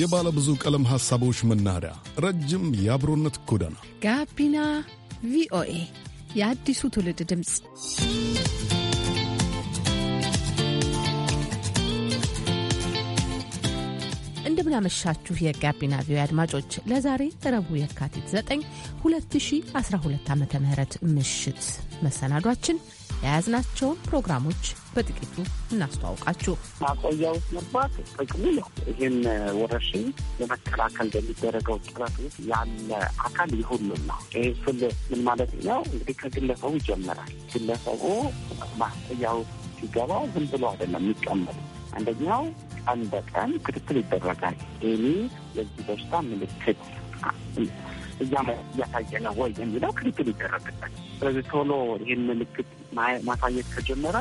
የባለ ብዙ ቀለም ሐሳቦች መናኸሪያ፣ ረጅም የአብሮነት ጎዳና ጋቢና ቪኦኤ የአዲሱ ትውልድ ድምፅ። እንደምናመሻችሁ የጋቢና ቪኦኤ አድማጮች፣ ለዛሬ ረቡ የካቲት 9 2012 ዓ ም ምሽት መሰናዷችን የያዝናቸውን ፕሮግራሞች በጥቂቱ እናስተዋውቃችሁ። ማቆያ ውስጥ መግባት ጥቅሙ ነው። ይህን ወረርሽኝ ለመከላከል በሚደረገው ጥረት ውስጥ ያለ አካል የሁሉም ነው። ይህ ስል ምን ማለት ነው? እንግዲህ ከግለሰቡ ይጀምራል። ግለሰቡ ማቆያ ውስጥ ሲገባ ዝም ብሎ አይደለም የሚቀመጥ። አንደኛው ቀን በቀን ክትትል ይደረጋል። ይህ የዚህ በሽታ ምልክት እያሳየ ነው ወይ የሚለው ክርክል ይደረግበት። ስለዚህ ቶሎ ይህን ምልክት ማሳየት ከጀመረ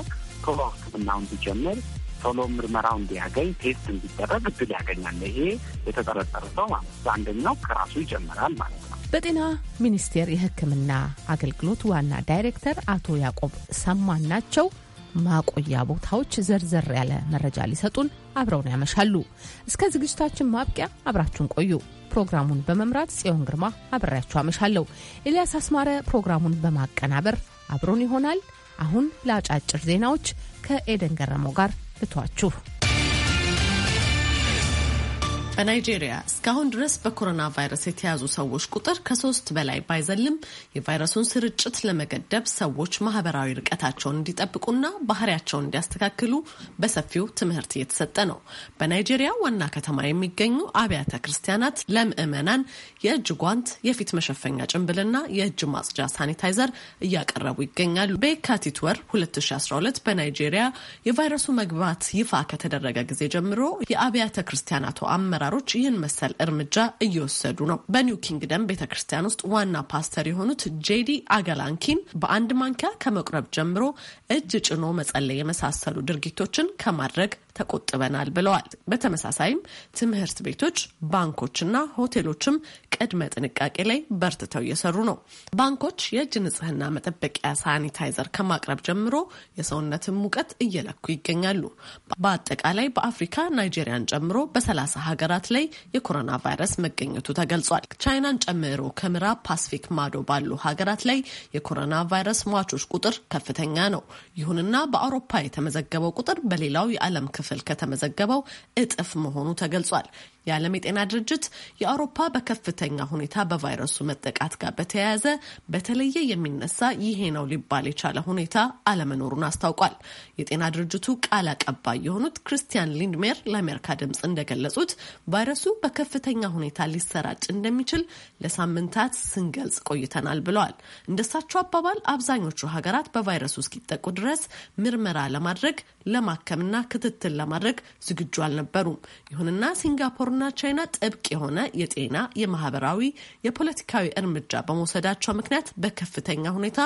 ቶሎ ሕክምናው እንዲጀምር ቶሎ ምርመራው እንዲያገኝ ቴስት እንዲደረግ እድል ያገኛል። ይሄ የተጠረጠረ ሰው ማለት ነው። አንደኛው ከራሱ ይጀምራል ማለት ነው። በጤና ሚኒስቴር የሕክምና አገልግሎት ዋና ዳይሬክተር አቶ ያዕቆብ ሰማን ናቸው። ማቆያ ቦታዎች ዘርዘር ያለ መረጃ ሊሰጡን አብረውን ያመሻሉ። እስከ ዝግጅታችን ማብቂያ አብራችሁን ቆዩ። ፕሮግራሙን በመምራት ጽዮን ግርማ አብሬያችሁ አመሻለሁ። ኤልያስ አስማረ ፕሮግራሙን በማቀናበር አብሮን ይሆናል። አሁን ለአጫጭር ዜናዎች ከኤደን ገረመው ጋር ልቷችሁ በናይጄሪያ እስካሁን ድረስ በኮሮና ቫይረስ የተያዙ ሰዎች ቁጥር ከሶስት በላይ ባይዘልም የቫይረሱን ስርጭት ለመገደብ ሰዎች ማህበራዊ ርቀታቸውን እንዲጠብቁና ባህሪያቸውን እንዲያስተካክሉ በሰፊው ትምህርት እየተሰጠ ነው። በናይጄሪያ ዋና ከተማ የሚገኙ አብያተ ክርስቲያናት ለምዕመናን የእጅ ጓንት፣ የፊት መሸፈኛ ጭንብልና የእጅ ማጽጃ ሳኒታይዘር እያቀረቡ ይገኛሉ። በየካቲት ወር 2012 በናይጄሪያ የቫይረሱ መግባት ይፋ ከተደረገ ጊዜ ጀምሮ የአብያተ ክርስቲያናቱ አመራ አመራሮች ይህን መሰል እርምጃ እየወሰዱ ነው። በኒው ኪንግደም ቤተ ክርስቲያን ውስጥ ዋና ፓስተር የሆኑት ጄዲ አገላንኪን በአንድ ማንኪያ ከመቁረብ ጀምሮ እጅ ጭኖ መጸለይ የመሳሰሉ ድርጊቶችን ከማድረግ ተቆጥበናል ብለዋል። በተመሳሳይም ትምህርት ቤቶች፣ ባንኮችና ሆቴሎችም ቅድመ ጥንቃቄ ላይ በርትተው እየሰሩ ነው። ባንኮች የእጅ ንጽህና መጠበቂያ ሳኒታይዘር ከማቅረብ ጀምሮ የሰውነትን ሙቀት እየለኩ ይገኛሉ። በአጠቃላይ በአፍሪካ ናይጄሪያን ጨምሮ በሰላሳ ሀገራት ሀገራት ላይ የኮሮና ቫይረስ መገኘቱ ተገልጿል። ቻይናን ጨምሮ ከምዕራብ ፓስፊክ ማዶ ባሉ ሀገራት ላይ የኮሮና ቫይረስ ሟቾች ቁጥር ከፍተኛ ነው። ይሁንና በአውሮፓ የተመዘገበው ቁጥር በሌላው የዓለም ክፍል ከተመዘገበው እጥፍ መሆኑ ተገልጿል። የዓለም የጤና ድርጅት የአውሮፓ በከፍተኛ ሁኔታ በቫይረሱ መጠቃት ጋር በተያያዘ በተለየ የሚነሳ ይሄ ነው ሊባል የቻለ ሁኔታ አለመኖሩን አስታውቋል። የጤና ድርጅቱ ቃል አቀባይ የሆኑት ክርስቲያን ሊንድሜር ለአሜሪካ ድምፅ እንደገለጹት ቫይረሱ በከፍተኛ ሁኔታ ሊሰራጭ እንደሚችል ለሳምንታት ስንገልጽ ቆይተናል ብለዋል። እንደሳቸው አባባል አብዛኞቹ ሀገራት በቫይረሱ እስኪጠቁ ድረስ ምርመራ ለማድረግ ለማከምና ክትትል ለማድረግ ዝግጁ አልነበሩም። ይሁንና ሲንጋፖርና ቻይና ጥብቅ የሆነ የጤና የማህበራዊ፣ የፖለቲካዊ እርምጃ በመውሰዳቸው ምክንያት በከፍተኛ ሁኔታ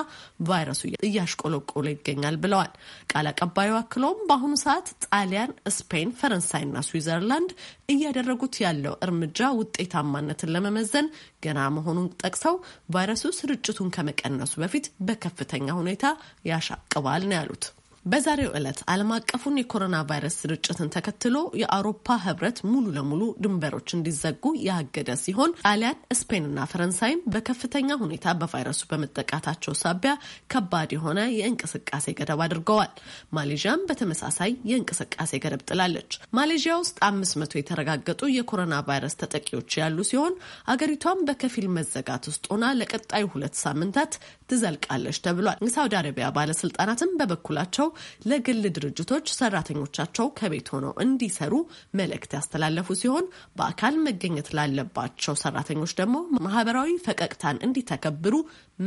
ቫይረሱ እያሽቆለቆለ ይገኛል ብለዋል። ቃል አቀባዩ አክለውም በአሁኑ ሰዓት ጣሊያን፣ ስፔን፣ ፈረንሳይና ስዊዘርላንድ እያደረ እያደረጉት ያለው እርምጃ ውጤታማነትን ለመመዘን ገና መሆኑን ጠቅሰው ቫይረሱ ስርጭቱን ከመቀነሱ በፊት በከፍተኛ ሁኔታ ያሻቅባል ነው ያሉት። በዛሬው ዕለት ዓለም አቀፉን የኮሮና ቫይረስ ስርጭትን ተከትሎ የአውሮፓ ህብረት ሙሉ ለሙሉ ድንበሮች እንዲዘጉ ያገደ ሲሆን ጣሊያን፣ ስፔንና ፈረንሳይም በከፍተኛ ሁኔታ በቫይረሱ በመጠቃታቸው ሳቢያ ከባድ የሆነ የእንቅስቃሴ ገደብ አድርገዋል። ማሌዥያም በተመሳሳይ የእንቅስቃሴ ገደብ ጥላለች። ማሌዥያ ውስጥ አምስት መቶ የተረጋገጡ የኮሮና ቫይረስ ተጠቂዎች ያሉ ሲሆን አገሪቷም በከፊል መዘጋት ውስጥ ሆና ለቀጣዩ ሁለት ሳምንታት ትዘልቃለች ተብሏል። የሳውዲ አረቢያ ባለስልጣናትም በበኩላቸው ለግል ድርጅቶች ሰራተኞቻቸው ከቤት ሆነው እንዲሰሩ መልእክት ያስተላለፉ ሲሆን በአካል መገኘት ላለባቸው ሰራተኞች ደግሞ ማህበራዊ ፈቀቅታን እንዲተከብሩ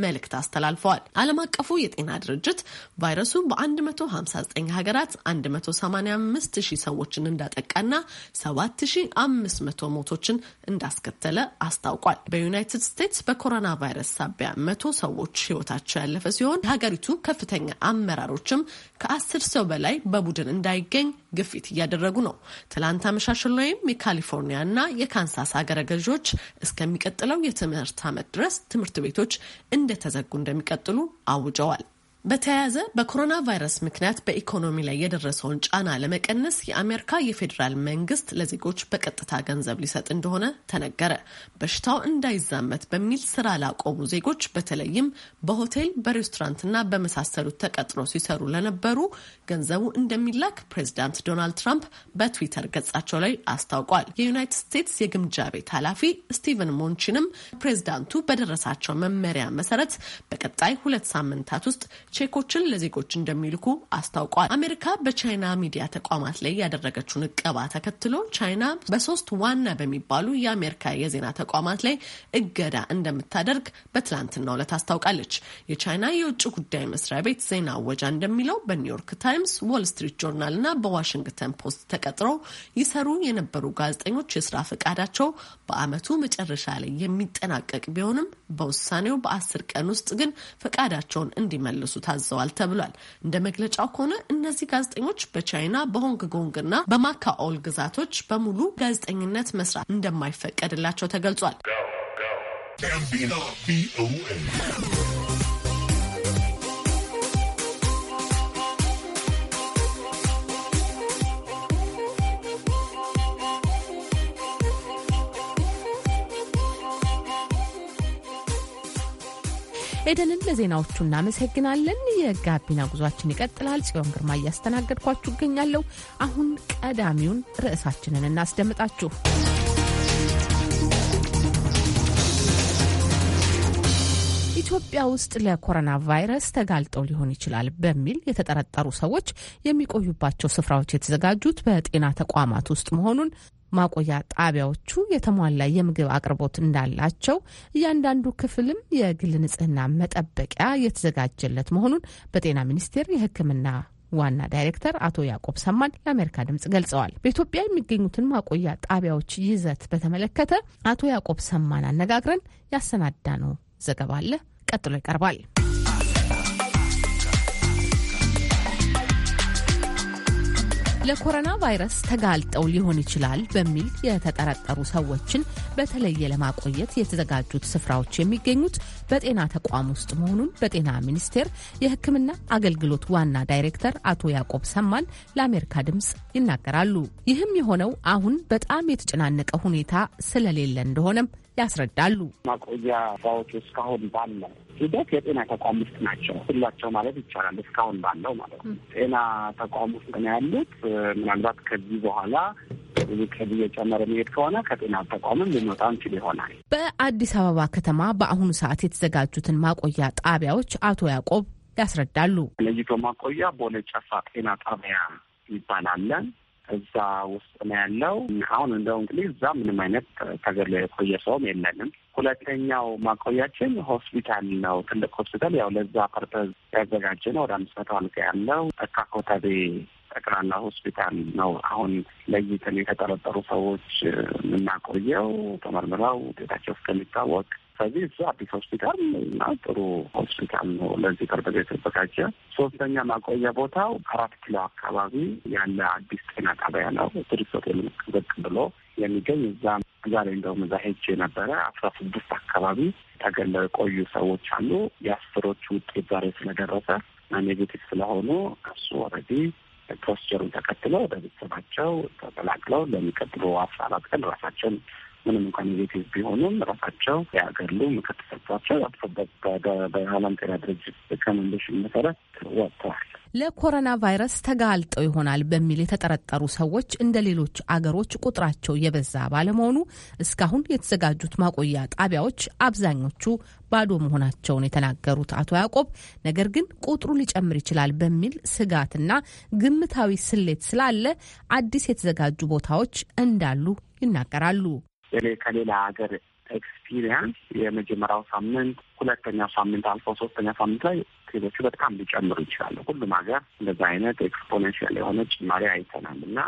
መልእክት አስተላልፈዋል። ዓለም አቀፉ የጤና ድርጅት ቫይረሱ በ159 ሀገራት 185 ሺህ ሰዎችን እንዳጠቃና 7500 ሞቶችን እንዳስከተለ አስታውቋል። በዩናይትድ ስቴትስ በኮሮና ቫይረስ ሳቢያ መቶ ሰዎች ህይወታቸው ያለፈ ሲሆን የሀገሪቱ ከፍተኛ አመራሮችም ከአስር ሰው በላይ በቡድን እንዳይገኝ ግፊት እያደረጉ ነው። ትላንት አመሻሽን ላይም እና የካንሳስ ሀገረ ገዢዎች እስከሚቀጥለው የትምህርት ዓመት ድረስ ትምህርት ቤቶች እንደተዘጉ እንደሚቀጥሉ አውጀዋል። በተያያዘ በኮሮና ቫይረስ ምክንያት በኢኮኖሚ ላይ የደረሰውን ጫና ለመቀነስ የአሜሪካ የፌዴራል መንግስት ለዜጎች በቀጥታ ገንዘብ ሊሰጥ እንደሆነ ተነገረ። በሽታው እንዳይዛመት በሚል ስራ ላቆሙ ዜጎች በተለይም በሆቴል በሬስቶራንትና በመሳሰሉት ተቀጥሮ ሲሰሩ ለነበሩ ገንዘቡ እንደሚላክ ፕሬዚዳንት ዶናልድ ትራምፕ በትዊተር ገጻቸው ላይ አስታውቋል። የዩናይትድ ስቴትስ የግምጃ ቤት ኃላፊ ስቲቨን ሞንቺንም ፕሬዚዳንቱ በደረሳቸው መመሪያ መሰረት በቀጣይ ሁለት ሳምንታት ውስጥ ቼኮችን ለዜጎች እንደሚልኩ አስታውቋል። አሜሪካ በቻይና ሚዲያ ተቋማት ላይ ያደረገችውን እቀባ ተከትሎ ቻይና በሶስት ዋና በሚባሉ የአሜሪካ የዜና ተቋማት ላይ እገዳ እንደምታደርግ በትላንትናው ዕለት አስታውቃለች። የቻይና የውጭ ጉዳይ መስሪያ ቤት ዜና አወጃ እንደሚለው በኒውዮርክ ታይምስ፣ ዎል ስትሪት ጆርናል እና በዋሽንግተን ፖስት ተቀጥረው ይሰሩ የነበሩ ጋዜጠኞች የስራ ፈቃዳቸው በአመቱ መጨረሻ ላይ የሚጠናቀቅ ቢሆንም በውሳኔው በአስር ቀን ውስጥ ግን ፈቃዳቸውን እንዲመልሱ ታዘዋል ተብሏል። እንደ መግለጫው ከሆነ እነዚህ ጋዜጠኞች በቻይና በሆንግ ጎንግ እና በማካኦል ግዛቶች በሙሉ ጋዜጠኝነት መስራት እንደማይፈቀድላቸው ተገልጿል። ኤደንን ለዜናዎቹ እናመሰግናለን። የጋቢና ጉዟችን ይቀጥላል። ጽዮን ግርማ እያስተናገድኳችሁ እገኛለሁ። አሁን ቀዳሚውን ርዕሳችንን እናስደምጣችሁ። ኢትዮጵያ ውስጥ ለኮሮና ቫይረስ ተጋልጠው ሊሆን ይችላል በሚል የተጠረጠሩ ሰዎች የሚቆዩባቸው ስፍራዎች የተዘጋጁት በጤና ተቋማት ውስጥ መሆኑን ማቆያ ጣቢያዎቹ የተሟላ የምግብ አቅርቦት እንዳላቸው፣ እያንዳንዱ ክፍልም የግል ንጽህና መጠበቂያ የተዘጋጀለት መሆኑን በጤና ሚኒስቴር የሕክምና ዋና ዳይሬክተር አቶ ያዕቆብ ሰማን ለአሜሪካ ድምጽ ገልጸዋል። በኢትዮጵያ የሚገኙትን ማቆያ ጣቢያዎች ይዘት በተመለከተ አቶ ያዕቆብ ሰማን አነጋግረን ያሰናዳ ነው ዘገባ አለ። ቀጥሎ ይቀርባል። ለኮሮና ቫይረስ ተጋልጠው ሊሆን ይችላል በሚል የተጠረጠሩ ሰዎችን በተለየ ለማቆየት የተዘጋጁት ስፍራዎች የሚገኙት በጤና ተቋም ውስጥ መሆኑን በጤና ሚኒስቴር የሕክምና አገልግሎት ዋና ዳይሬክተር አቶ ያዕቆብ ሰማን ለአሜሪካ ድምፅ ይናገራሉ። ይህም የሆነው አሁን በጣም የተጨናነቀ ሁኔታ ስለሌለ እንደሆነም ያስረዳሉ። ማቆያ ባዎች እስካሁን ባለው ሂደት የጤና ተቋም ውስጥ ናቸው ሁላቸው ማለት ይቻላል። እስካሁን ባለው ማለት ነው ጤና ተቋም ውስጥ ነው ያሉት። ምናልባት ከዚህ በኋላ ከዚህ የጨመረ መሄድ ከሆነ ከጤና ተቋምም ልንወጣ እንችል ይሆናል። በአዲስ አበባ ከተማ በአሁኑ ሰዓት የተዘጋጁትን ማቆያ ጣቢያዎች አቶ ያዕቆብ ያስረዳሉ። ለይቶ ማቆያ ቦሌ ጨፋ ጤና ጣቢያ ይባላለን እዛ ውስጥ ነው ያለው። አሁን እንደው እንግዲህ እዛ ምንም አይነት ተገድሎ የቆየ ሰውም የለንም። ሁለተኛው ማቆያችን ሆስፒታል ነው። ትልቅ ሆስፒታል ያው ለዛ ፐርፐዝ ያዘጋጀ ነው። ወደ አምስት መቶ አልጋ ያለው ጠካ ኮተቤ ጠቅላላ ሆስፒታል ነው። አሁን ለይትን የተጠረጠሩ ሰዎች የምናቆየው ተመርምረው ውጤታቸው እስከሚታወቅ ከዚህ እሱ አዲስ ሆስፒታል እና ጥሩ ሆስፒታል ነው ለዚህ ቅርብ የተዘጋጀ። ሶስተኛ ማቆያ ቦታው አራት ኪሎ አካባቢ ያለ አዲስ ጤና ጣቢያ ነው። ቱሪስት ሆቴል ቅብቅ ብሎ የሚገኝ እዛ ዛሬ እንደውም እዛ ሄጅ የነበረ አስራ ስድስት አካባቢ ተገለው የቆዩ ሰዎች አሉ። የአስሮች ውጤት ዛሬ ስለደረሰ ኔጌቲቭ ስለሆኑ እሱ ኦልሬዲ ፕሮሲጀሩን ተከትለው ወደ ቤተሰባቸው ተቀላቅለው ለሚቀጥሉ አስራ አራት ቀን ራሳቸውን ምንም እንኳን ኔጌቲቭ ቢሆኑም ራሳቸው የሀገር ሉ ምክር ተሰጥቷቸው በዓለም ጤና ድርጅት ሪኮመንዴሽን መሰረት ወጥተዋል። ለኮሮና ቫይረስ ተጋልጠው ይሆናል በሚል የተጠረጠሩ ሰዎች እንደ ሌሎች አገሮች ቁጥራቸው የበዛ ባለመሆኑ እስካሁን የተዘጋጁት ማቆያ ጣቢያዎች አብዛኞቹ ባዶ መሆናቸውን የተናገሩት አቶ ያዕቆብ ነገር ግን ቁጥሩ ሊጨምር ይችላል በሚል ስጋትና ግምታዊ ስሌት ስላለ አዲስ የተዘጋጁ ቦታዎች እንዳሉ ይናገራሉ። ከሌላ ሀገር ኤክስፒሪየንስ የመጀመሪያው ሳምንት፣ ሁለተኛው ሳምንት አልፎ ሶስተኛ ሳምንት ላይ ክሎቹ በጣም ሊጨምሩ ይችላሉ። ሁሉም ሀገር እንደዛ አይነት ኤክስፖኔንሽል የሆነ ጭማሪ አይተናል እና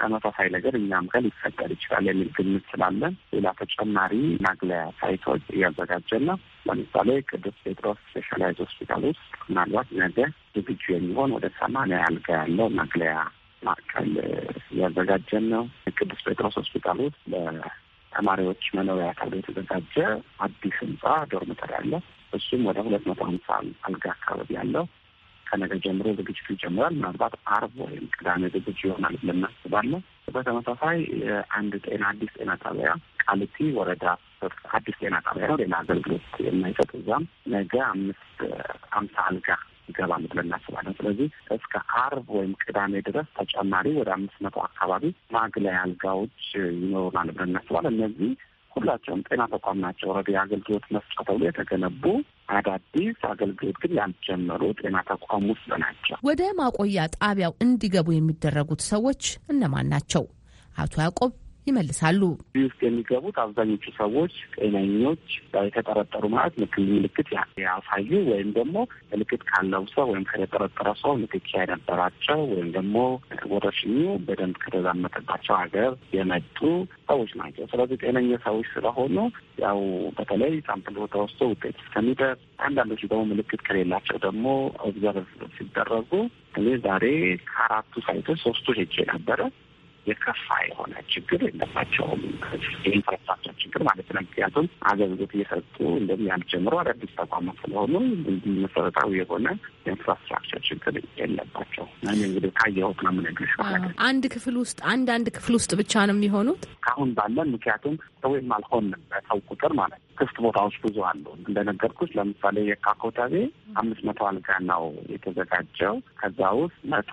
ተመሳሳይ ነገር እኛም ጋር ሊፈጠር ይችላል የሚል ግምት ስላለን ሌላ ተጨማሪ ማግለያ ሳይቶች እያዘጋጀን ነው። ለምሳሌ ቅዱስ ጴጥሮስ ስፔሻላይዝ ሆስፒታል ውስጥ ምናልባት ነገ ዝግጁ የሚሆን ወደ ሰማንያ አልጋ ያለው ማግለያ ማዕከል እያዘጋጀን ነው። ቅዱስ ጴጥሮስ ሆስፒታል ውስጥ ተማሪዎች መኖሪያ ተብሎ የተዘጋጀ አዲስ ህንፃ ዶርምተር ያለ እሱም ወደ ሁለት መቶ ሀምሳ አልጋ አካባቢ ያለው ከነገ ጀምሮ ዝግጅቱ ይጀምራል። ምናልባት አርብ ወይም ቅዳሜ ዝግጅ ይሆናል ብለን እናስባለን። በተመሳሳይ አንድ ጤና አዲስ ጤና ጣቢያ ቃሊቲ ወረዳ አዲስ ጤና ጣቢያ ነው፣ ሌላ አገልግሎት የማይሰጥ እዛም ነገ አምስት አምሳ አልጋ ይገባሉ ብለን እናስባለን። ስለዚህ እስከ አርብ ወይም ቅዳሜ ድረስ ተጨማሪ ወደ አምስት መቶ አካባቢ ማግለያ አልጋዎች ይኖሩናል ብለን እናስባለን። እነዚህ ሁላቸውም ጤና ተቋም ናቸው። ወረዳ የአገልግሎት መስጫ ተብሎ የተገነቡ አዳዲስ አገልግሎት ግን ያልጀመሩ ጤና ተቋም ውስጥ ናቸው። ወደ ማቆያ ጣቢያው እንዲገቡ የሚደረጉት ሰዎች እነማን ናቸው? አቶ ያዕቆብ ይመልሳሉ። እዚህ ውስጥ የሚገቡት አብዛኞቹ ሰዎች ጤነኞች የተጠረጠሩ ማለት ምክል ምልክት ያሳዩ ወይም ደግሞ ምልክት ካለው ሰው ወይም ከተጠረጠረ ሰው ንክኪያ ያነበራቸው ወይም ደግሞ ወረርሽኙ በደንብ ከተዛመተባቸው ሀገር የመጡ ሰዎች ናቸው። ስለዚህ ጤነኛ ሰዎች ስለሆኑ ያው በተለይ ሳምፕል ተወስቶ ውጤት እስከሚደርስ አንዳንዶች ደግሞ ምልክት ከሌላቸው ደግሞ ኦብዘርቭ ሲደረጉ እኔ ዛሬ ከአራቱ ሳይቶች ሶስቱ ሄጄ ነበረ የከፋ የሆነ ችግር የለባቸውም። የኢንፍራስትራክቸር ችግር ማለት ነው። ምክንያቱም አገልግሎት እየሰጡ እንደም ያልጀምሩ አዳዲስ ተቋማት ስለሆኑ እንዲህ መሰረታዊ የሆነ የኢንፍራስትራክቸር ችግር የለባቸው። እንግዲህ ካየሁት ነው የምነግርሽ አንድ ክፍል ውስጥ አንድ አንድ ክፍል ውስጥ ብቻ ነው የሚሆኑት ካሁን ባለን ምክንያቱም ሰውም አልሆንም በሰው ቁጥር ማለት ነው። ክፍት ቦታዎች ብዙ አሉ። እንደነገርኩች ለምሳሌ የካ ኮተቤ አምስት መቶ አልጋ ነው የተዘጋጀው። ከዛ ውስጥ መቶ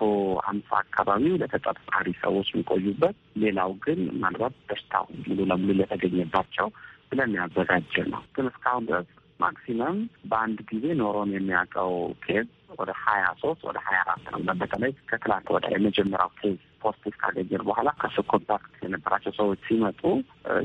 አምሳ አካባቢ ለተጠርጣሪ ሰዎች ቆ የቆዩበት፣ ሌላው ግን ምናልባት በሽታው ሙሉ ለሙሉ ለተገኘባቸው ብለን ያዘጋጀ ነው። ግን እስካሁን ድረስ ማክሲመም በአንድ ጊዜ ኖሮን የሚያውቀው ኬዝ ወደ ሀያ ሶስት ወደ ሀያ አራት ነው። በተለይ ከትላንት ወደ የመጀመሪያው ኬዝ ፖስቲቭ ካገኘን በኋላ ከሱ ኮንታክት የነበራቸው ሰዎች ሲመጡ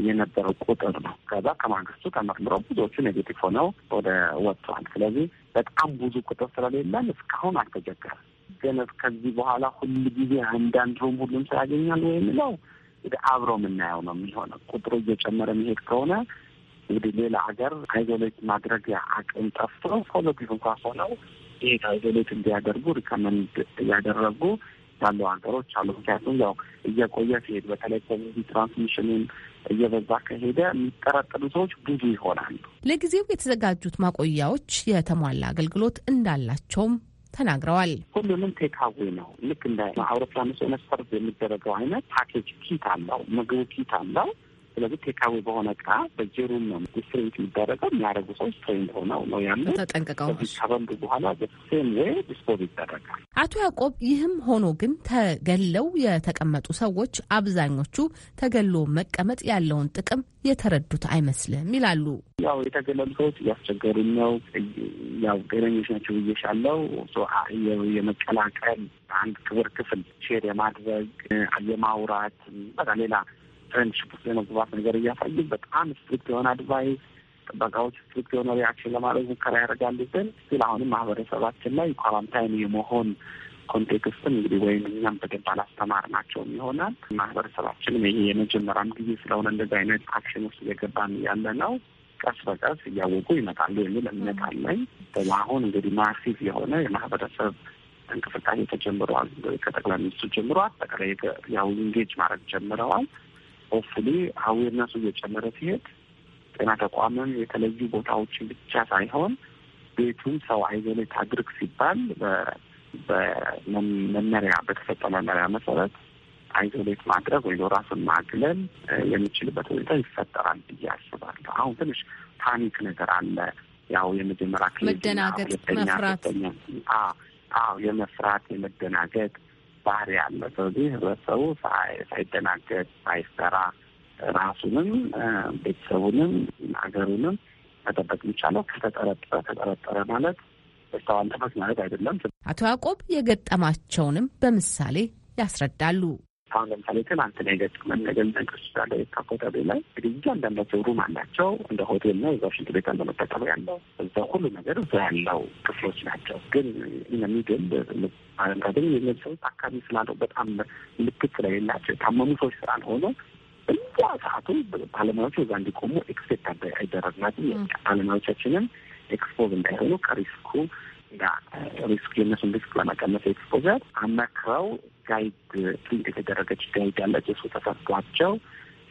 የነበረው ቁጥር ነው። ከዛ ከማግስቱ ተመርምሮ ብዙዎቹ ኔጌቲቭ ሆነው ወደ ወጥቷል። ስለዚህ በጣም ብዙ ቁጥር ስለሌለን እስካሁን አልተቸገረም። ግን ከዚህ በኋላ ሁሉ ጊዜ አንዳንድ ሩም ሁሉም ሰው ያገኛል ወይ የሚለው እንግዲህ አብሮ የምናየው ነው የሚሆነው። ቁጥሩ እየጨመረ መሄድ ከሆነ እንግዲህ ሌላ ሀገር አይዞሌት ማድረግ አቅም ጠፍቶ ፖዘቲቭ እንኳ ሆነው ይሄ አይዞሌት እንዲያደርጉ ሪከመንድ እያደረጉ ያሉ ሀገሮች አሉ። ምክንያቱም ያው እየቆየ ሲሄድ በተለይ ኮሚኒቲ ትራንስሚሽኑን እየበዛ ከሄደ የሚጠረጠሩ ሰዎች ብዙ ይሆናሉ። ለጊዜው የተዘጋጁት ማቆያዎች የተሟላ አገልግሎት እንዳላቸውም ተናግረዋል። ሁሉንም ቴካዌ ነው። ልክ እንደ አውሮፕላን ውስጥ የሚደረገው አይነት ፓኬጅ ኪት አለው፣ ምግቡ ኪት አለው። ስለዚህ ቴካዊ በሆነ እቃ በጀሩም ነው ዲስትሪቢዩት የሚደረገው። የሚያደርጉ ሰዎች ትሬንድ ሆነው ነው ያለ ተጠንቅቀው ከበሉ በኋላ በሴም ዌይ ዲስፖዝ ይደረጋል። አቶ ያዕቆብ፣ ይህም ሆኖ ግን ተገለው የተቀመጡ ሰዎች አብዛኞቹ ተገሎ መቀመጥ ያለውን ጥቅም የተረዱት አይመስልም ይላሉ። ያው የተገለሉ ሰዎች እያስቸገሩን ነው፣ ያው ገለኞች ናቸው ብዬሻለው። የመቀላቀል አንድ ክብር ክፍል ሼር የማድረግ የማውራት በቃ ሌላ ፍሬንድሽፕ ውስጥ የመግባት ነገር እያሳዩ በጣም ስትሪክት የሆነ አድቫይስ ጥበቃዎች ስትሪክት የሆነ ሪያክሽን ለማድረግ ሙከራ ያደርጋሉ። ግን ስል አሁንም ማህበረሰባችን ላይ ኳራንታይን የመሆን ኮንቴክስትም እንግዲህ ወይም እኛም በደንብ ናቸውም ይሆናል። ማህበረሰባችንም ይሄ የመጀመሪያም ጊዜ ስለሆነ እንደዚህ አይነት አክሽን ውስጥ እየገባን ያለ ነው። ቀስ በቀስ እያወቁ ይመጣሉ የሚል እምነት አለኝ። አሁን እንግዲህ ማሲቭ የሆነ የማህበረሰብ እንቅስቃሴ ተጀምረዋል። ከጠቅላይ ሚኒስትሩ ጀምሮ አጠቃላይ ያው ኢንጌጅ ማድረግ ጀምረዋል። ኦፍሊ አዌርነሱ እየጨመረ ሲሄድ ጤና ተቋምም የተለዩ ቦታዎችን ብቻ ሳይሆን ቤቱን ሰው አይዞሌት አድርግ ሲባል በመመሪያ በተሰጠ መመሪያ መሰረት አይዞሌት ማድረግ ወይ ራሱን ማግለል የሚችልበት ሁኔታ ይፈጠራል ብዬ አስባለሁ። አሁን ትንሽ ፓኒክ ነገር አለ። ያው የመጀመሪያ ክልል መደናገጥ፣ መፍራት፣ አዎ የመፍራት የመደናገጥ ባህሪ አለ። ስለዚህ ህብረተሰቡ ሳይደናገድ ሳይሰራ ራሱንም ቤተሰቡንም ሀገሩንም መጠበቅ የሚቻለው ከተጠረጠረ ተጠረጠረ ማለት በስተዋል ማለት አይደለም። አቶ ያዕቆብ የገጠማቸውንም በምሳሌ ያስረዳሉ። አሁን ለምሳሌ ትናንት ነው የገጠመን ነገር ነገር ስላለ የካ አካባቢ ላይ እንግዲህ እያንዳንዳቸው ሩም አላቸው እንደ ሆቴል ነው። እዛ ሽንት ቤት አለ፣ ያለው እዛ ሁሉ ነገር እዛ ያለው ክፍሎች ናቸው። ግን እነሚግል ማለታገኝ የሚል ሰው አካባቢ ስላለው በጣም ምልክት ስለሌላቸው የታመሙ ሰዎች ስላልሆኑ እዛ ሰዓቱ ባለሙያዎቹ እዛ እንዲቆሙ ኤክስፔክት አይደረግላትም። ባለሙያዎቻችንም ኤክስፖዝ እንዳይሆኑ ከሪስኩ ሪስክ የነሱን ሪስክ ለመቀነስ ኤክስፖዘር አመክረው ጋይድ ሊንክ የተደረገች ጋይድ ያለች እሱ ተሰጥቷቸው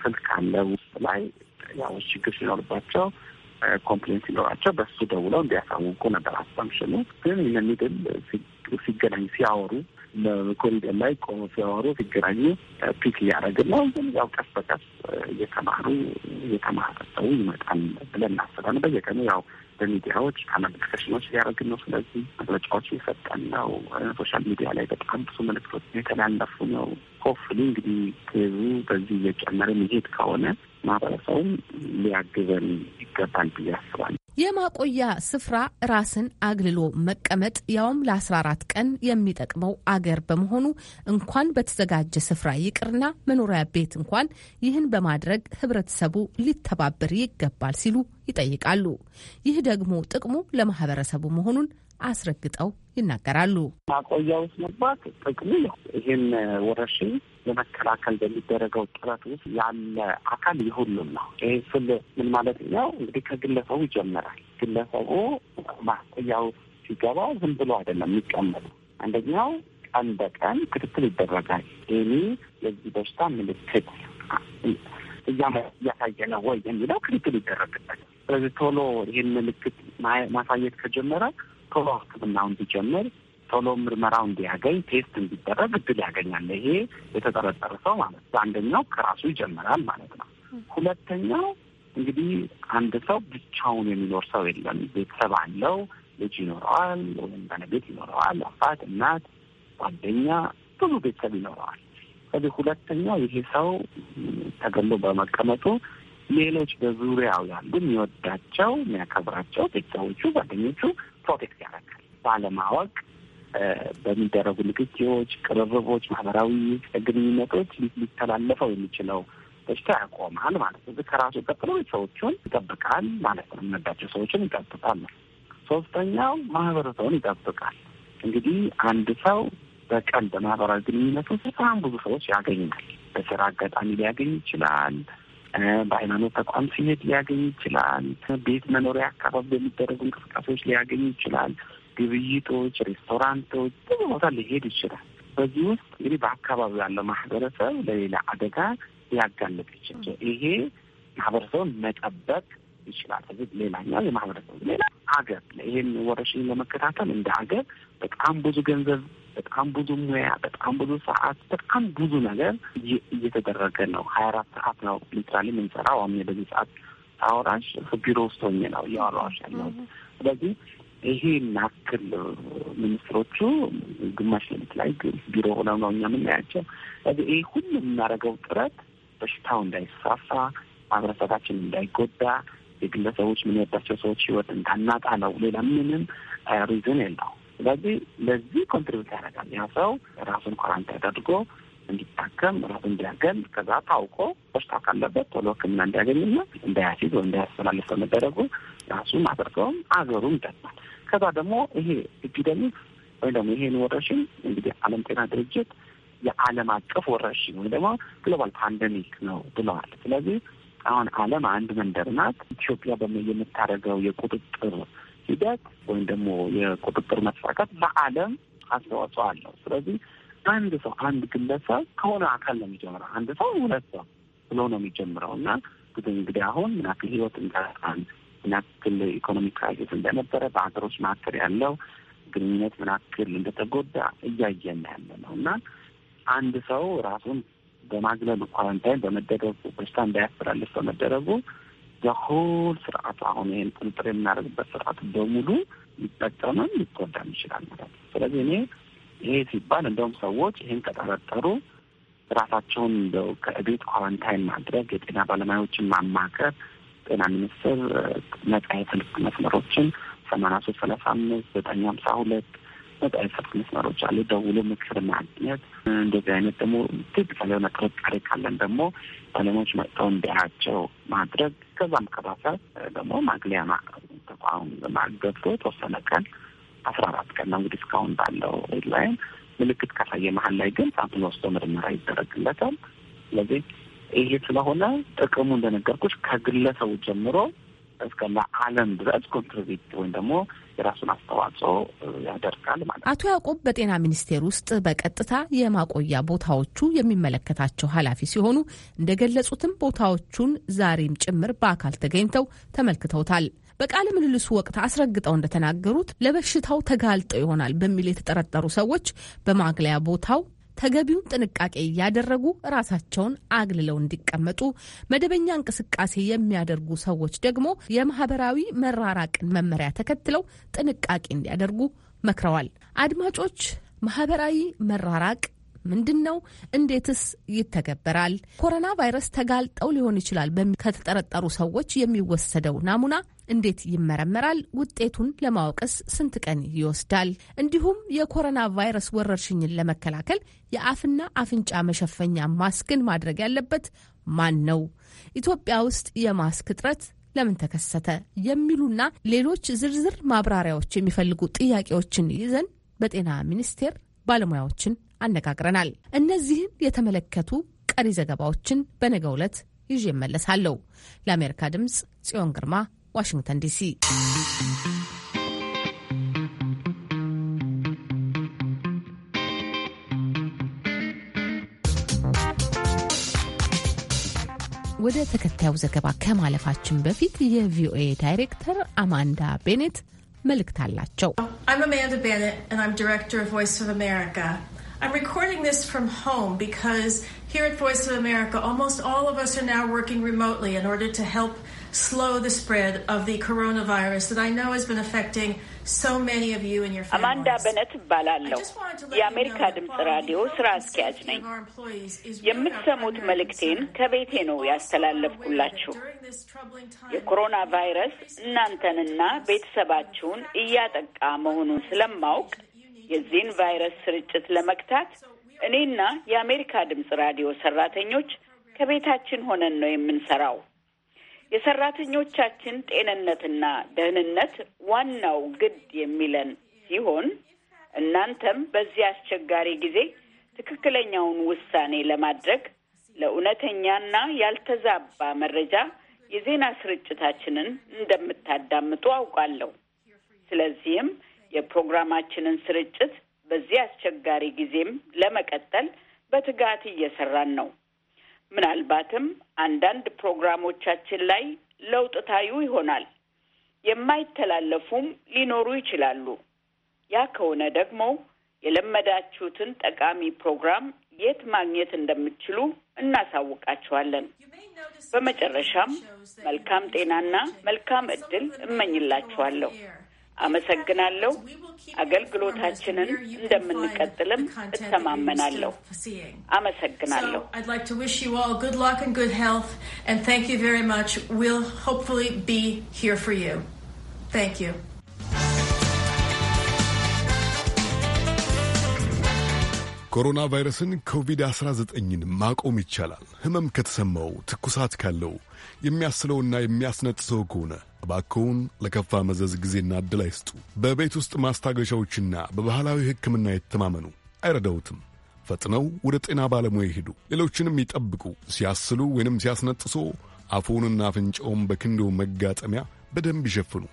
ስልክ አለ ውስጥ ላይ ያው ችግር ሲኖርባቸው ኮምፕሌንት ሲኖራቸው በሱ ደውለው እንዲያሳውቁ ነበር። አሳምሽኑ ግን ይህን ሚድል ሲገናኝ ሲያወሩ በኮሪደር ላይ ቆሞ ሲያወሩ ሲገናኙ ፒክ እያደረግ ነው። ግን ያው ቀስ በቀስ እየተማሩ እየተማሰሰቡ ይመጣል ብለን እናስባለን። በየቀኑ ያው በሚዲያዎች አመት ዲስከሽኖች እያደረግን ነው። ስለዚህ መግለጫዎች እየሰጠን ነው። ሶሻል ሚዲያ ላይ በጣም ብዙ መልክቶች የተላለፉ ነው። ሆፍሊ እንግዲህ ቴዙ በዚህ እየጨመረ መሄድ ከሆነ ማህበረሰቡም ሊያግዘን ይገባል ብዬ አስባለሁ። የማቆያ ስፍራ ራስን አግልሎ መቀመጥ ያውም ለ14 ቀን የሚጠቅመው አገር በመሆኑ እንኳን በተዘጋጀ ስፍራ ይቅርና መኖሪያ ቤት እንኳን ይህን በማድረግ ህብረተሰቡ ሊተባበር ይገባል ሲሉ ይጠይቃሉ። ይህ ደግሞ ጥቅሙ ለማህበረሰቡ መሆኑን አስረግጠው ይናገራሉ። ማቆያ ውስጥ መግባት ጥቅሙ ይህን ወረርሽኝ ለመከላከል በሚደረገው ጥረት ውስጥ ያለ አካል የሁሉም ነው። ይህ ስል ምን ማለት ነው? እንግዲህ ከግለሰቡ ይጀምራል። ግለሰቡ ማቆያ ውስጥ ሲገባ ዝም ብሎ አይደለም የሚቀመጡ። አንደኛው ቀን በቀን ክትትል ይደረጋል። ይህ የዚህ በሽታ ምልክት እያሳየ ነው ወይ የሚለው ክትትል ይደረግበታል። ስለዚህ ቶሎ ይህን ምልክት ማሳየት ከጀመረ ቶሎ ሕክምናው እንዲጀምር ቶሎ ምርመራው እንዲያገኝ ቴስት እንዲደረግ እድል ያገኛል። ይሄ የተጠረጠረ ሰው ማለት ነው። አንደኛው ከራሱ ይጀምራል ማለት ነው። ሁለተኛው እንግዲህ አንድ ሰው ብቻውን የሚኖር ሰው የለም። ቤተሰብ አለው። ልጅ ይኖረዋል፣ ወይም ባለቤት ይኖረዋል፣ አባት፣ እናት፣ ጓደኛ፣ ብዙ ቤተሰብ ይኖረዋል። ስለዚህ ሁለተኛው ይሄ ሰው ተገሎ በመቀመጡ ሌሎች በዙሪያው ያሉ የሚወዳቸው የሚያከብራቸው ቤተሰቦቹ፣ ጓደኞቹ ፕሮቴክት ያደርጋል። ባለማወቅ በሚደረጉ ንግግሮች፣ ቅርርቦች፣ ማህበራዊ ግንኙነቶች ሊተላለፈው የሚችለው በሽታ ያቆማል ማለት ነው። ከራሱ ቀጥሎ ሰዎቹን ይጠብቃል ማለት ነው። የምንወዳቸው ሰዎችን ይጠብቃል ነው። ሶስተኛው ማህበረሰቡን ይጠብቃል። እንግዲህ አንድ ሰው በቀን በማህበራዊ ግንኙነቱ በጣም ብዙ ሰዎች ያገኛል። በስራ አጋጣሚ ሊያገኝ ይችላል። በሃይማኖት ተቋም ሲሄድ ሊያገኝ ይችላል። ቤት መኖሪያ አካባቢ በሚደረጉ እንቅስቃሴዎች ሊያገኝ ይችላል። ግብይቶች፣ ሬስቶራንቶች፣ ብዙ ቦታ ሊሄድ ይችላል። በዚህ ውስጥ እንግዲህ በአካባቢው ያለው ማህበረሰብ ለሌላ አደጋ ሊያጋልጥ ይችላል። ይሄ ማህበረሰቡን መጠበቅ ይችላል። ስለዚህ ሌላኛው የማህበረሰቡ ሌላ ሀገር ይህን ወረርሽኝ ለመከታተል እንደ ሀገር በጣም ብዙ ገንዘብ በጣም ብዙ ሙያ፣ በጣም ብዙ ሰዓት፣ በጣም ብዙ ነገር እየተደረገ ነው። ሀያ አራት ሰዓት ነው ሊትራሊ የምንሰራው። አሁን በዚህ ሰዓት አውራሽ ቢሮ ውስጥ ሆኜ ነው እያወራሽ ያለሁት። ስለዚህ ይሄ ናክል ሚኒስትሮቹ ግማሽ ሌሊት ላይ ቢሮ ሆነው ነው እኛ የምናያቸው። ስለዚህ ይህ ሁሉ የምናደርገው ጥረት በሽታው እንዳይስፋፋ፣ ማህበረሰባችን እንዳይጎዳ፣ የግለሰቦች የምንወዳቸው ሰዎች ህይወት እንዳናጣ ነው። ሌላ ምንም ሪዝን የለው። ስለዚህ ለዚህ ኮንትሪቢዩት ያደርጋል። ያ ሰው ራሱን ኳራንታይን አድርጎ እንዲታከም ራሱ እንዲያገል ከዛ ታውቆ በሽታ ካለበት ቶሎ ሕክምና እንዲያገኝና እንዳያሲዝ ወይም እንዳያስተላልፍ በመደረጉ ራሱም አድርገውም አገሩም ይጠቅማል። ከዛ ደግሞ ይሄ ኤፒደሚክ ወይም ደግሞ ይሄን ወረርሽኝ እንግዲህ ዓለም ጤና ድርጅት የዓለም አቀፍ ወረርሽኝ ወይም ደግሞ ግሎባል ፓንደሚክ ነው ብለዋል። ስለዚህ አሁን ዓለም አንድ መንደር ናት። ኢትዮጵያ በሚ የምታደርገው የቁጥጥር ሂደት ወይም ደግሞ የቁጥጥር መስፋፋት ለዓለም አስተዋጽኦ አለው። ስለዚህ አንድ ሰው አንድ ግለሰብ ከሆነ አካል ነው የሚጀምረው። አንድ ሰው ሁለት ሰው ብሎ ነው የሚጀምረው እና ብዙ እንግዲህ አሁን ምናክል ህይወት እንዳን ምናክል ኢኮኖሚ ክራይሲስ እንደነበረ፣ በሀገሮች መካከል ያለው ግንኙነት ምናክል እንደተጎዳ እያየን ያለ ነው እና አንድ ሰው ራሱን በማግለሉ ኳረንታይን በመደረጉ በሽታ እንዳያስተላልፍ በመደረጉ ዘሆል ስርዓቱ አሁን ይህን ጥንጥር የምናደርግበት ስርዓት በሙሉ ሊጠቀምም ሊጎዳም ይችላል ማለት ነው። ስለዚህ እኔ ይሄ ሲባል እንደውም ሰዎች ይህን ከጠረጠሩ ራሳቸውን እንደው ከቤት ኳረንታይን ማድረግ፣ የጤና ባለሙያዎችን ማማከር፣ ጤና ሚኒስቴር ነጻ የስልክ መስመሮችን ሰማንያ ሶስት ሰላሳ አምስት ዘጠኝ ሀምሳ ሁለት በጣም የስልክ መስመሮች አሉ። ደውሎ ምክር ማግኘት እንደዚህ አይነት ደግሞ ትልቅ ያልሆነ ጥርጣሬ ካለን ደግሞ ባለሙያዎች መጥተው እንዲያቸው ማድረግ ከዛም ከባሰ ደግሞ ማግለያ ተቋም ማገብቶ የተወሰነ ቀን አስራ አራት ቀን ነው እንግዲህ እስካሁን ባለው ሄድላይን ምልክት ካሳየ መሀል ላይ ግን ሳምፕል ወስዶ ምርመራ ይደረግለታል። ስለዚህ ይሄ ስለሆነ ጥቅሙ እንደነገርኩች ከግለሰቡ ጀምሮ እስከ ዓለም ድረስ ኮንትሪቢዩት ወይም ደግሞ የራሱን አስተዋጽኦ ያደርጋል ማለት ነው። አቶ ያዕቆብ በጤና ሚኒስቴር ውስጥ በቀጥታ የማቆያ ቦታዎቹ የሚመለከታቸው ኃላፊ ሲሆኑ እንደገለጹትም ቦታዎቹን ዛሬም ጭምር በአካል ተገኝተው ተመልክተውታል። በቃለ ምልልሱ ወቅት አስረግጠው እንደተናገሩት ለበሽታው ተጋልጠው ይሆናል በሚል የተጠረጠሩ ሰዎች በማግለያ ቦታው ተገቢውን ጥንቃቄ እያደረጉ ራሳቸውን አግልለው እንዲቀመጡ፣ መደበኛ እንቅስቃሴ የሚያደርጉ ሰዎች ደግሞ የማህበራዊ መራራቅን መመሪያ ተከትለው ጥንቃቄ እንዲያደርጉ መክረዋል። አድማጮች ማህበራዊ መራራቅ ምንድን ነው? እንዴትስ ይተገበራል? ኮሮና ቫይረስ ተጋልጠው ሊሆን ይችላል ከተጠረጠሩ ሰዎች የሚወሰደው ናሙና እንዴት ይመረመራል? ውጤቱን ለማወቅስ ስንት ቀን ይወስዳል? እንዲሁም የኮሮና ቫይረስ ወረርሽኝን ለመከላከል የአፍና አፍንጫ መሸፈኛ ማስክን ማድረግ ያለበት ማን ነው? ኢትዮጵያ ውስጥ የማስክ እጥረት ለምን ተከሰተ? የሚሉና ሌሎች ዝርዝር ማብራሪያዎች የሚፈልጉ ጥያቄዎችን ይዘን በጤና ሚኒስቴር ባለሙያዎችን አነጋግረናል። እነዚህን የተመለከቱ ቀሪ ዘገባዎችን በነገ ዕለት ይዤ እመለሳለሁ። ለአሜሪካ ድምፅ ጽዮን ግርማ፣ ዋሽንግተን ዲሲ። ወደ ተከታዩ ዘገባ ከማለፋችን በፊት የቪኦኤ ዳይሬክተር አማንዳ ቤኔት መልእክት አላቸው። I'm recording this from home because here at Voice of America, almost all of us are now working remotely in order to help slow the spread of the coronavirus that I know has been affecting so many of you and your families. የምትሰሙት መልእክቴን ከቤቴ ነው ያስተላለፍኩላችሁ። የኮሮና ቫይረስ እናንተንና ቤተሰባችሁን እያጠቃ መሆኑን ስለማውቅ የዚህን ቫይረስ ስርጭት ለመግታት እኔና የአሜሪካ ድምፅ ራዲዮ ሰራተኞች ከቤታችን ሆነን ነው የምንሰራው። የሰራተኞቻችን ጤንነትና ደህንነት ዋናው ግድ የሚለን ሲሆን እናንተም በዚህ አስቸጋሪ ጊዜ ትክክለኛውን ውሳኔ ለማድረግ ለእውነተኛና ያልተዛባ መረጃ የዜና ስርጭታችንን እንደምታዳምጡ አውቃለሁ። ስለዚህም የፕሮግራማችንን ስርጭት በዚህ አስቸጋሪ ጊዜም ለመቀጠል በትጋት እየሰራን ነው። ምናልባትም አንዳንድ ፕሮግራሞቻችን ላይ ለውጥ ታዩ ይሆናል። የማይተላለፉም ሊኖሩ ይችላሉ። ያ ከሆነ ደግሞ የለመዳችሁትን ጠቃሚ ፕሮግራም የት ማግኘት እንደምትችሉ እናሳውቃችኋለን። በመጨረሻም መልካም ጤናና መልካም ዕድል እመኝላችኋለሁ። አመሰግናለሁ። አገልግሎታችንን እንደምንቀጥልም እተማመናለሁ። አመሰግናለሁ። Thank you. ኮሮና ቫይረስን ኮቪድ-19ን ማቆም ይቻላል። ህመም ከተሰማው፣ ትኩሳት ካለው፣ የሚያስለውና የሚያስነጥሰው ከሆነ እባክዎን ለከፋ መዘዝ ጊዜና ዕድል አይስጡ። በቤት ውስጥ ማስታገሻዎችና በባህላዊ ሕክምና የተማመኑ አይረዳውትም። ፈጥነው ወደ ጤና ባለሙያ ይሄዱ። ሌሎችንም ይጠብቁ። ሲያስሉ ወይንም ሲያስነጥሶ አፉንና አፍንጫውን በክንዶ መጋጠሚያ በደንብ ይሸፍኑ።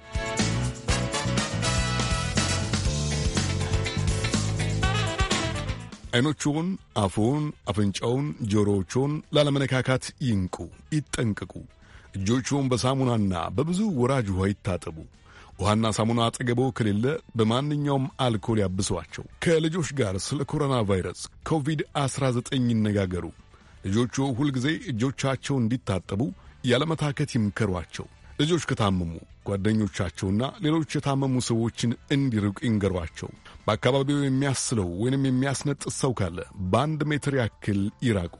አይኖቹን፣ አፉን፣ አፍንጫውን፣ ጆሮዎቹን ላለመነካካት ይንቁ፣ ይጠንቅቁ። እጆቹን በሳሙናና በብዙ ወራጅ ውሃ ይታጠቡ። ውሃና ሳሙና አጠገቦ ከሌለ በማንኛውም አልኮል ያብሷቸው። ከልጆች ጋር ስለ ኮሮና ቫይረስ ኮቪድ-19 ይነጋገሩ። ልጆቹ ሁልጊዜ እጆቻቸው እንዲታጠቡ ያለመታከት ይምከሯቸው። ልጆች ከታመሙ ጓደኞቻቸውና ሌሎች የታመሙ ሰዎችን እንዲርቁ ይንገሯቸው። በአካባቢው የሚያስለው ወይንም የሚያስነጥስ ሰው ካለ በአንድ ሜትር ያክል ይራቁ።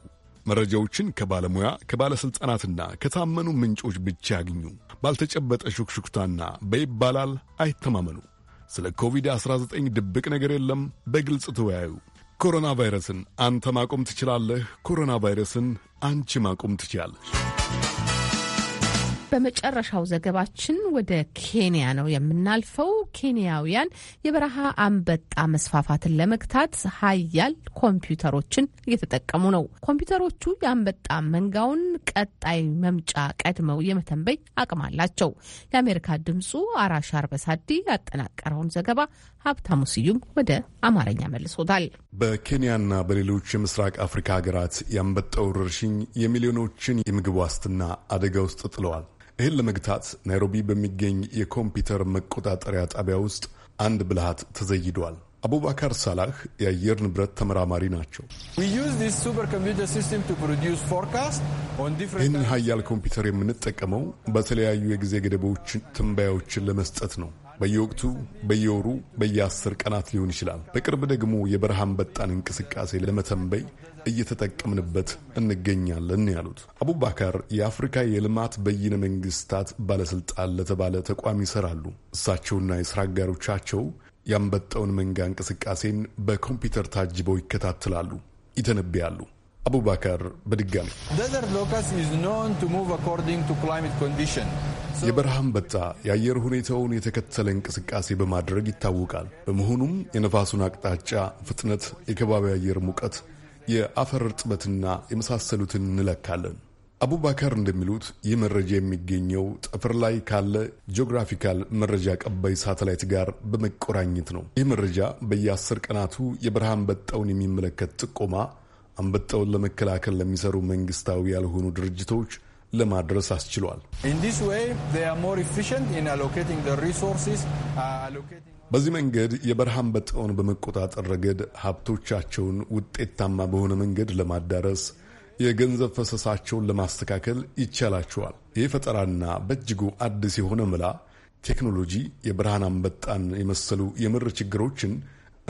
መረጃዎችን ከባለሙያ ከባለሥልጣናትና ከታመኑ ምንጮች ብቻ ያግኙ። ባልተጨበጠ ሹክሹክታና በይባላል አይተማመኑ። ስለ ኮቪድ-19 ድብቅ ነገር የለም፣ በግልጽ ተወያዩ። ኮሮና ቫይረስን አንተ ማቆም ትችላለህ። ኮሮና ቫይረስን አንቺ ማቆም ትችላለች። በመጨረሻው ዘገባችን ወደ ኬንያ ነው የምናልፈው። ኬንያውያን የበረሃ አንበጣ መስፋፋትን ለመግታት ሀያል ኮምፒውተሮችን እየተጠቀሙ ነው። ኮምፒውተሮቹ የአንበጣ መንጋውን ቀጣይ መምጫ ቀድመው የመተንበይ አቅም አላቸው። የአሜሪካ ድምፁ አራሽ አርበሳዲ ያጠናቀረውን ዘገባ ሀብታሙ ስዩም ወደ አማርኛ መልሶታል። በኬንያና በሌሎች የምስራቅ አፍሪካ ሀገራት የአንበጣ ወረርሽኝ የሚሊዮኖችን የምግብ ዋስትና አደጋ ውስጥ ጥለዋል። ይህን ለመግታት ናይሮቢ በሚገኝ የኮምፒውተር መቆጣጠሪያ ጣቢያ ውስጥ አንድ ብልሃት ተዘይዷል። አቡባካር ሳላህ የአየር ንብረት ተመራማሪ ናቸው። ይህንን ሀያል ኮምፒውተር የምንጠቀመው በተለያዩ የጊዜ ገደቦች ትንበያዎችን ለመስጠት ነው። በየወቅቱ፣ በየወሩ፣ በየአስር ቀናት ሊሆን ይችላል። በቅርብ ደግሞ የበረሃ አንበጣን እንቅስቃሴ ለመተንበይ እየተጠቀምንበት እንገኛለን ያሉት አቡባካር የአፍሪካ የልማት በይነ መንግስታት ባለስልጣን ለተባለ ተቋም ይሰራሉ። እሳቸውና የስራ አጋሮቻቸው ያንበጣውን መንጋ እንቅስቃሴን በኮምፒውተር ታጅበው ይከታትላሉ፣ ይተነብያሉ። አቡባካር በድጋሚ የበረሃ አንበጣ የአየር ሁኔታውን የተከተለ እንቅስቃሴ በማድረግ ይታወቃል። በመሆኑም የነፋሱን አቅጣጫ፣ ፍጥነት፣ የከባቢ አየር ሙቀት የአፈር እርጥበትና የመሳሰሉትን እንለካለን። አቡባከር እንደሚሉት ይህ መረጃ የሚገኘው ጠፈር ላይ ካለ ጂኦግራፊካል መረጃ ቀባይ ሳተላይት ጋር በመቆራኘት ነው። ይህ መረጃ በየአስር ቀናቱ የበረሃ አንበጣውን የሚመለከት ጥቆማ አንበጣውን ለመከላከል ለሚሰሩ መንግስታዊ ያልሆኑ ድርጅቶች ለማድረስ አስችሏል። በዚህ መንገድ የበረሃ አንበጣውን በመቆጣጠር ረገድ ሀብቶቻቸውን ውጤታማ በሆነ መንገድ ለማዳረስ የገንዘብ ፈሰሳቸውን ለማስተካከል ይቻላቸዋል። ይህ ፈጠራና በእጅጉ አዲስ የሆነ ምላ ቴክኖሎጂ የብርሃን አንበጣን የመሰሉ የምር ችግሮችን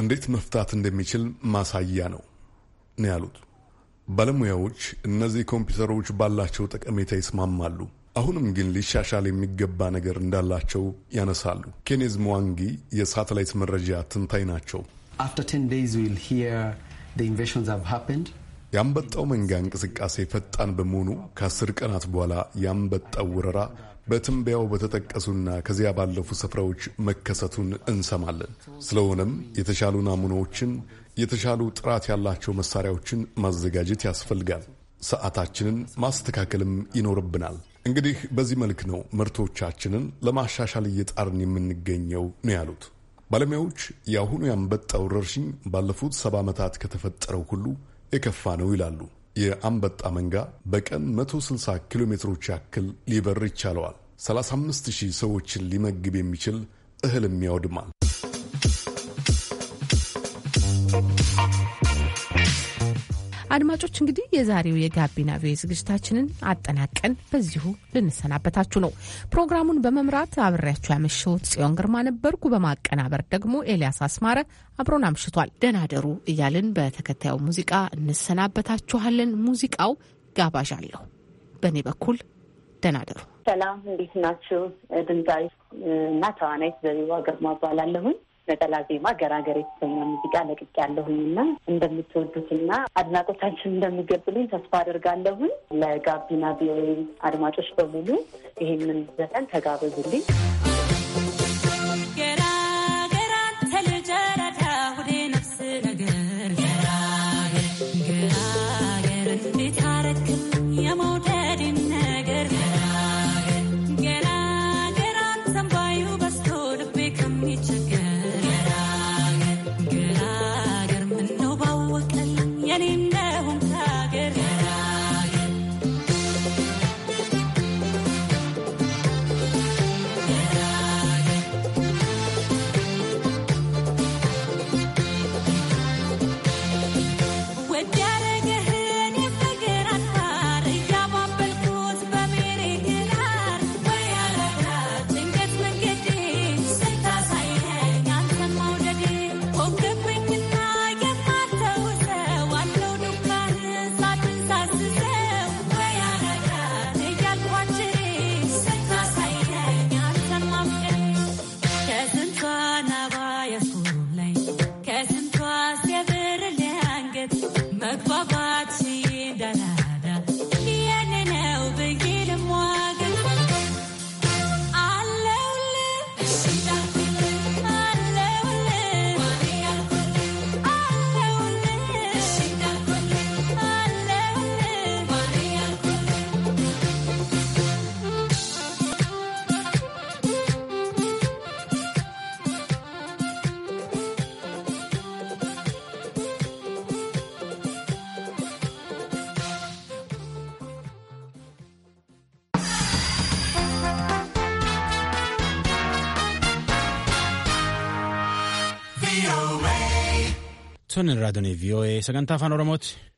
እንዴት መፍታት እንደሚችል ማሳያ ነው ነው ያሉት ባለሙያዎች። እነዚህ ኮምፒውተሮች ባላቸው ጠቀሜታ ይስማማሉ። አሁንም ግን ሊሻሻል የሚገባ ነገር እንዳላቸው ያነሳሉ። ኬኔዝ ሙዋንጊ የሳተላይት መረጃ ትንታኝ ናቸው። የአንበጣው መንጋ እንቅስቃሴ ፈጣን በመሆኑ ከአስር ቀናት በኋላ የአንበጣው ወረራ በትንበያው በተጠቀሱና ከዚያ ባለፉ ስፍራዎች መከሰቱን እንሰማለን። ስለሆነም የተሻሉ ናሙናዎችን፣ የተሻሉ ጥራት ያላቸው መሳሪያዎችን ማዘጋጀት ያስፈልጋል። ሰዓታችንን ማስተካከልም ይኖርብናል። እንግዲህ በዚህ መልክ ነው ምርቶቻችንን ለማሻሻል እየጣርን የምንገኘው ነው ያሉት ባለሙያዎች። የአሁኑ የአንበጣ ወረርሽኝ ባለፉት ሰባ ዓመታት ከተፈጠረው ሁሉ የከፋ ነው ይላሉ። የአንበጣ መንጋ በቀን 160 ኪሎ ሜትሮች ያክል ሊበር ይቻለዋል። 35 ሰዎችን ሊመግብ የሚችል እህልም ያወድማል። አድማጮች እንግዲህ የዛሬው የጋቢና ቪ ዝግጅታችንን አጠናቀን በዚሁ ልንሰናበታችሁ ነው። ፕሮግራሙን በመምራት አብሬያችሁ ያመሸሁት ጽዮን ግርማ ነበርኩ። በማቀናበር ደግሞ ኤልያስ አስማረ አብሮን አምሽቷል። ደናደሩ እያልን በተከታዩ ሙዚቃ እንሰናበታችኋለን። ሙዚቃው ጋባዥ አለው። በእኔ በኩል ደናደሩ። ሰላም፣ እንዴት ናችሁ? ድምፃዊ እና ተዋናይት ዘቢባ ግርማ እባላለሁኝ። ነጠላ ዜማ ገራገር የተሰኘ ሙዚቃ ለቅቅ ያለሁኝ እና እንደምትወዱትና አድናቆታችን እንደሚገብሉኝ ተስፋ አደርጋለሁኝ። ለጋቢና ቪኦኤ አድማጮች በሙሉ ይህንን ዘፈን ተጋበዙልኝ። Tottoltoonni raadiyoon VOA sagantaa afaan Oromooti.